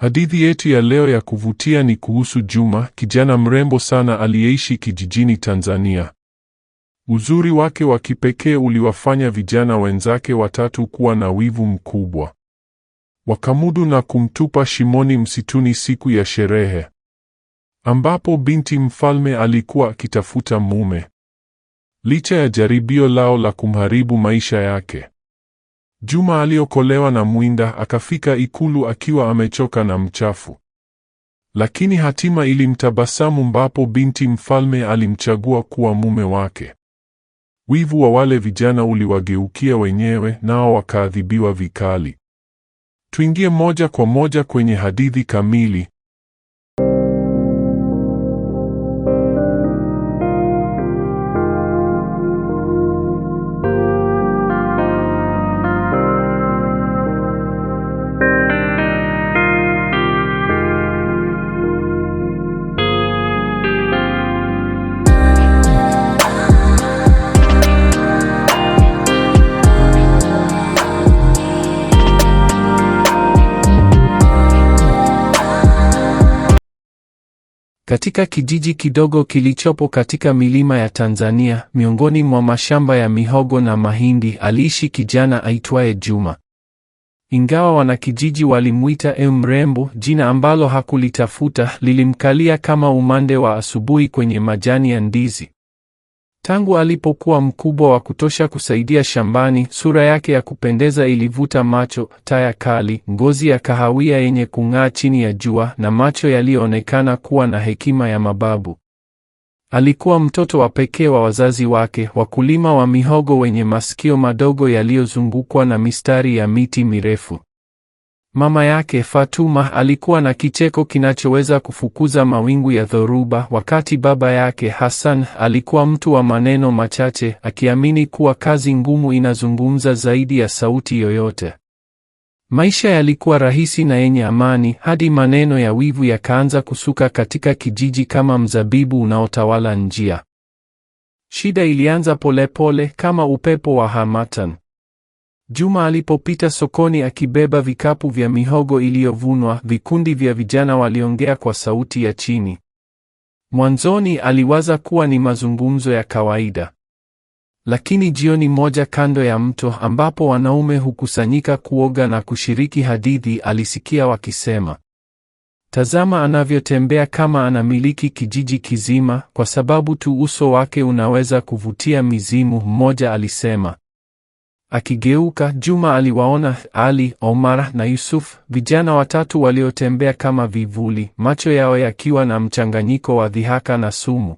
Hadithi yetu ya leo ya kuvutia ni kuhusu Juma, kijana mrembo sana aliyeishi kijijini Tanzania. Uzuri wake wa kipekee uliwafanya vijana wenzake watatu kuwa na wivu mkubwa. Wakamudu na kumtupa shimoni msituni siku ya sherehe, ambapo binti mfalme alikuwa akitafuta mume. Licha ya jaribio lao la kumharibu maisha yake, Juma aliokolewa na Mwinda akafika ikulu akiwa amechoka na mchafu, lakini hatima ilimtabasamu mbapo binti mfalme alimchagua kuwa mume wake. Wivu wa wale vijana uliwageukia wenyewe, nao wakaadhibiwa vikali. Tuingie moja kwa moja kwenye hadithi kamili. Katika kijiji kidogo kilichopo katika milima ya Tanzania, miongoni mwa mashamba ya mihogo na mahindi, aliishi kijana aitwaye Juma. Ingawa wanakijiji walimwita e, mrembo, jina ambalo hakulitafuta lilimkalia kama umande wa asubuhi kwenye majani ya ndizi. Tangu alipokuwa mkubwa wa kutosha kusaidia shambani, sura yake ya kupendeza ilivuta macho, taya kali, ngozi ya kahawia yenye kung'aa chini ya jua, na macho yaliyoonekana kuwa na hekima ya mababu. Alikuwa mtoto wa pekee wa wazazi wake, wakulima wa mihogo wenye masikio madogo yaliyozungukwa na mistari ya miti mirefu. Mama yake Fatuma alikuwa na kicheko kinachoweza kufukuza mawingu ya dhoruba, wakati baba yake Hassan alikuwa mtu wa maneno machache, akiamini kuwa kazi ngumu inazungumza zaidi ya sauti yoyote. Maisha yalikuwa rahisi na yenye amani hadi maneno ya wivu yakaanza kusuka katika kijiji kama mzabibu unaotawala njia. Shida ilianza polepole pole, kama upepo wa hamatan. Juma alipopita sokoni akibeba vikapu vya mihogo iliyovunwa, vikundi vya vijana waliongea kwa sauti ya chini. Mwanzoni aliwaza kuwa ni mazungumzo ya kawaida. Lakini jioni moja kando ya mto ambapo wanaume hukusanyika kuoga na kushiriki hadithi, alisikia wakisema, Tazama anavyotembea kama anamiliki kijiji kizima, kwa sababu tu uso wake unaweza kuvutia mizimu, mmoja alisema. Akigeuka, Juma aliwaona Ali, Omar na Yusuf, vijana watatu waliotembea kama vivuli, macho yao yakiwa na mchanganyiko wa dhihaka na sumu.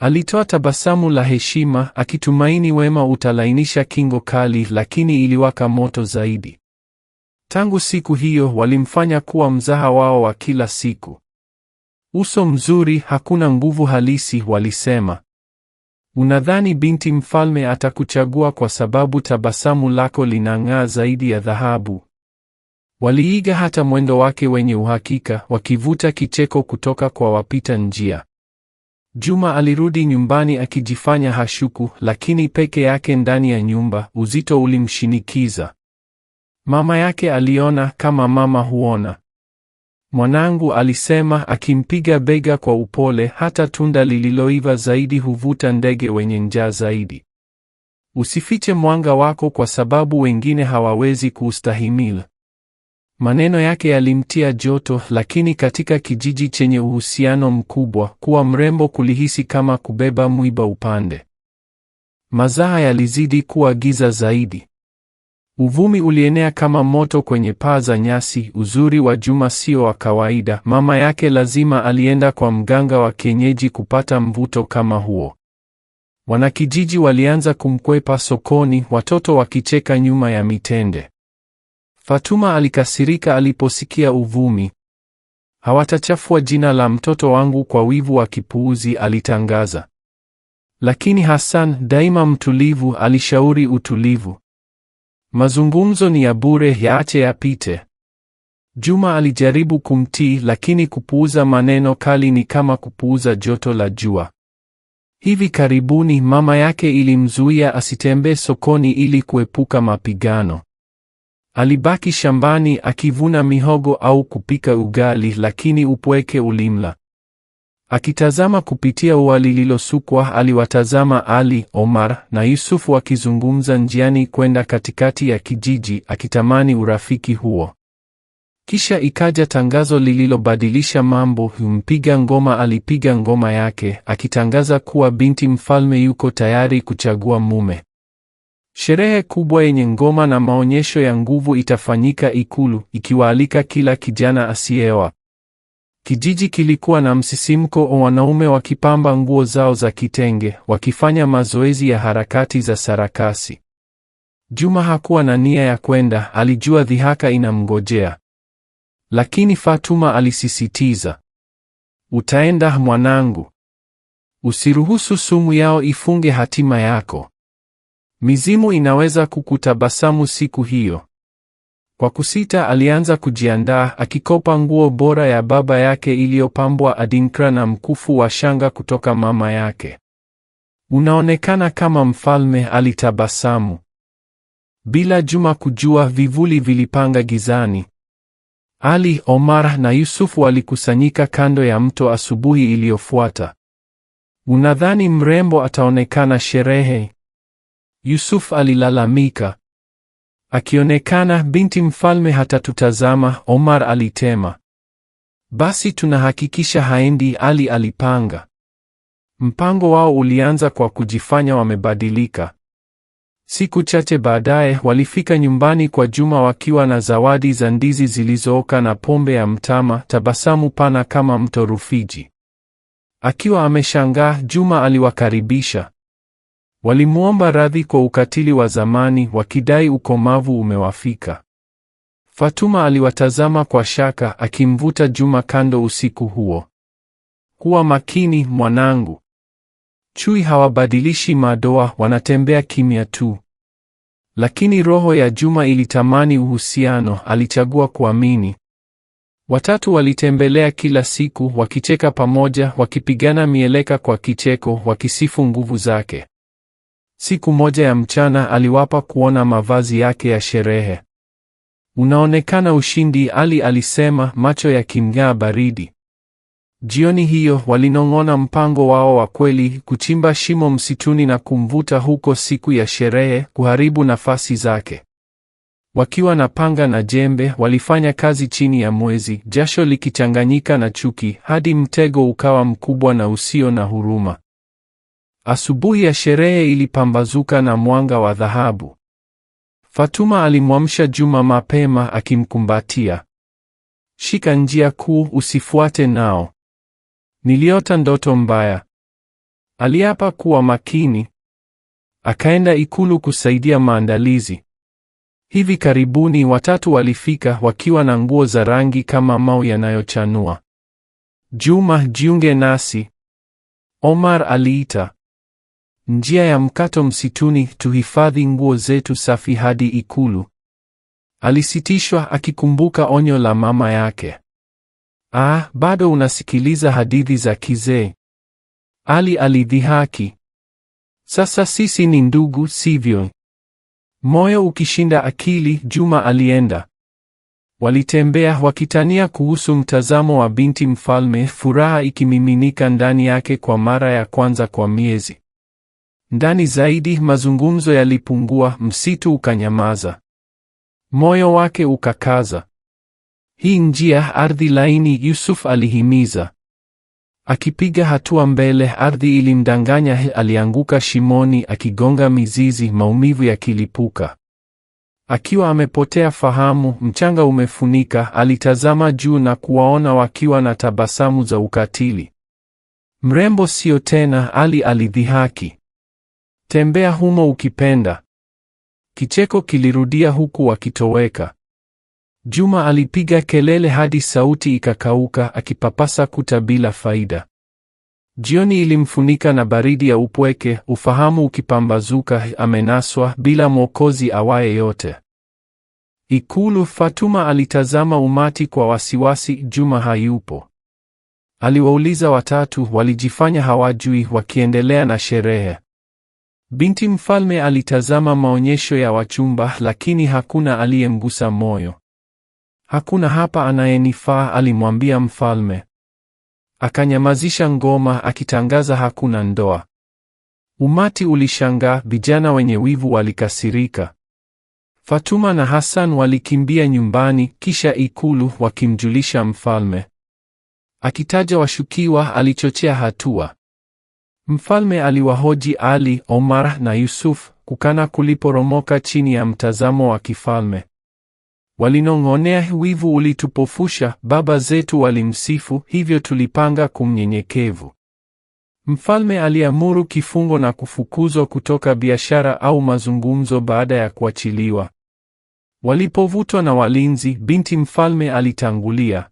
Alitoa tabasamu la heshima, akitumaini wema utalainisha kingo kali, lakini iliwaka moto zaidi. Tangu siku hiyo walimfanya kuwa mzaha wao wa kila siku. Uso mzuri, hakuna nguvu halisi, walisema. Unadhani binti mfalme atakuchagua kwa sababu tabasamu lako linang'aa zaidi ya dhahabu? Waliiga hata mwendo wake wenye uhakika, wakivuta kicheko kutoka kwa wapita njia. Juma alirudi nyumbani akijifanya hashuku, lakini peke yake ndani ya nyumba, uzito ulimshinikiza. Mama yake aliona kama mama huona. Mwanangu alisema akimpiga bega kwa upole, hata tunda lililoiva zaidi huvuta ndege wenye njaa zaidi. Usifiche mwanga wako kwa sababu wengine hawawezi kuustahimili. Maneno yake yalimtia joto, lakini katika kijiji chenye uhusiano mkubwa, kuwa mrembo kulihisi kama kubeba mwiba upande. Mazaa yalizidi kuwa giza zaidi. Uvumi ulienea kama moto kwenye paa za nyasi. Uzuri wa Juma sio wa kawaida. Mama yake lazima alienda kwa mganga wa kienyeji kupata mvuto kama huo. Wanakijiji walianza kumkwepa sokoni, watoto wakicheka nyuma ya mitende. Fatuma alikasirika aliposikia uvumi. Hawatachafua jina la mtoto wangu kwa wivu wa kipuuzi, alitangaza. Lakini Hassan, daima mtulivu, alishauri utulivu. Mazungumzo ni ya bure, yaache yapite. Juma alijaribu kumtii, lakini kupuuza maneno kali ni kama kupuuza joto la jua. Hivi karibuni mama yake ilimzuia asitembee sokoni ili kuepuka mapigano. Alibaki shambani akivuna mihogo au kupika ugali, lakini upweke ulimla. Akitazama kupitia ua lililosukwa, aliwatazama Ali, Omar na Yusufu wakizungumza njiani kwenda katikati ya kijiji, akitamani urafiki huo. Kisha ikaja tangazo lililobadilisha mambo. Mpiga ngoma alipiga ngoma yake, akitangaza kuwa binti mfalme yuko tayari kuchagua mume. Sherehe kubwa yenye ngoma na maonyesho ya nguvu itafanyika Ikulu, ikiwaalika kila kijana asiyeoa Kijiji kilikuwa na msisimko wa wanaume wakipamba nguo zao za kitenge, wakifanya mazoezi ya harakati za sarakasi. Juma hakuwa na nia ya kwenda, alijua dhihaka inamngojea. Lakini Fatuma alisisitiza, "Utaenda mwanangu. Usiruhusu sumu yao ifunge hatima yako. Mizimu inaweza kukutabasamu siku hiyo." Kwa kusita alianza kujiandaa, akikopa nguo bora ya baba yake iliyopambwa adinkra na mkufu wa shanga kutoka mama yake. Unaonekana kama mfalme, alitabasamu. Bila Juma kujua, vivuli vilipanga gizani. Ali, Omar na Yusufu walikusanyika kando ya mto asubuhi iliyofuata. Unadhani mrembo ataonekana sherehe? Yusuf alilalamika. Akionekana binti mfalme hatatutazama, Omar alitema. Basi tunahakikisha haendi, Ali alipanga. Mpango wao ulianza kwa kujifanya wamebadilika. Siku chache baadaye walifika nyumbani kwa Juma wakiwa na zawadi za ndizi zilizooka na pombe ya mtama, tabasamu pana kama mto Rufiji. Akiwa ameshangaa, Juma aliwakaribisha. Walimwomba radhi kwa ukatili wa zamani, wakidai ukomavu umewafika. Fatuma aliwatazama kwa shaka, akimvuta Juma kando usiku huo. Kuwa makini mwanangu, chui hawabadilishi madoa, wanatembea kimya tu. Lakini roho ya Juma ilitamani uhusiano, alichagua kuamini. Watatu walitembelea kila siku, wakicheka pamoja, wakipigana mieleka kwa kicheko, wakisifu nguvu zake. Siku moja ya mchana aliwapa kuona mavazi yake ya sherehe. Unaonekana ushindi, Ali alisema, macho yakimng'aa baridi. Jioni hiyo walinong'ona mpango wao wa kweli, kuchimba shimo msituni na kumvuta huko siku ya sherehe, kuharibu nafasi zake. Wakiwa na panga na jembe, walifanya kazi chini ya mwezi, jasho likichanganyika na chuki, hadi mtego ukawa mkubwa na usio na huruma. Asubuhi ya sherehe ilipambazuka na mwanga wa dhahabu. Fatuma alimwamsha Juma mapema akimkumbatia. Shika njia kuu, usifuate nao. Niliota ndoto mbaya. Aliapa kuwa makini. Akaenda ikulu kusaidia maandalizi. Hivi karibuni watatu walifika wakiwa na nguo za rangi kama mau yanayochanua. Juma, jiunge nasi. Omar aliita. Njia ya mkato msituni, tuhifadhi nguo zetu safi hadi ikulu. Alisitishwa akikumbuka onyo la mama yake. Ah, bado unasikiliza hadithi za kizee? Ali alidhihaki. Sasa sisi ni ndugu, sivyo? Moyo ukishinda akili, Juma alienda. Walitembea wakitania kuhusu mtazamo wa binti mfalme, furaha ikimiminika ndani yake kwa mara ya kwanza kwa miezi. Ndani zaidi, mazungumzo yalipungua, msitu ukanyamaza, moyo wake ukakaza. Hii njia, ardhi laini, Yusuf alihimiza. Akipiga hatua mbele, ardhi ilimdanganya. Alianguka shimoni, akigonga mizizi, maumivu yakilipuka. Akiwa amepotea fahamu, mchanga umefunika, alitazama juu na kuwaona wakiwa na tabasamu za ukatili. Mrembo sio tena, Ali alidhihaki. Tembea humo ukipenda. Kicheko kilirudia huku wakitoweka. Juma alipiga kelele hadi sauti ikakauka, akipapasa kuta bila faida. Jioni ilimfunika na baridi ya upweke, ufahamu ukipambazuka, amenaswa bila mwokozi awaye yote. Ikulu, Fatuma alitazama umati kwa wasiwasi. Juma hayupo. Aliwauliza watatu, walijifanya hawajui, wakiendelea na sherehe. Binti mfalme alitazama maonyesho ya wachumba, lakini hakuna aliyemgusa moyo. Hakuna hapa anayenifaa, alimwambia mfalme. Akanyamazisha ngoma, akitangaza hakuna ndoa. Umati ulishangaa, vijana wenye wivu walikasirika. Fatuma na Hassan walikimbia nyumbani, kisha ikulu, wakimjulisha mfalme. Akitaja washukiwa, alichochea hatua. Mfalme aliwahoji Ali, Omar na Yusuf kukana kuliporomoka chini ya mtazamo wa kifalme. Walinong'onea, wivu ulitupofusha, baba zetu walimsifu, hivyo tulipanga kumnyenyekevu. Mfalme aliamuru kifungo na kufukuzwa kutoka biashara au mazungumzo baada ya kuachiliwa. Walipovutwa na walinzi, binti mfalme alitangulia.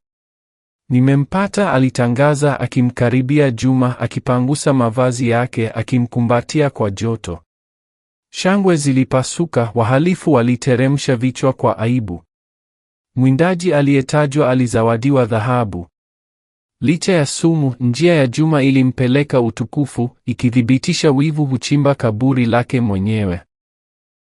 Nimempata, alitangaza akimkaribia Juma, akipangusa mavazi yake, akimkumbatia kwa joto. Shangwe zilipasuka, wahalifu waliteremsha vichwa kwa aibu. Mwindaji aliyetajwa alizawadiwa dhahabu. Licha ya sumu, njia ya Juma ilimpeleka utukufu, ikithibitisha wivu huchimba kaburi lake mwenyewe.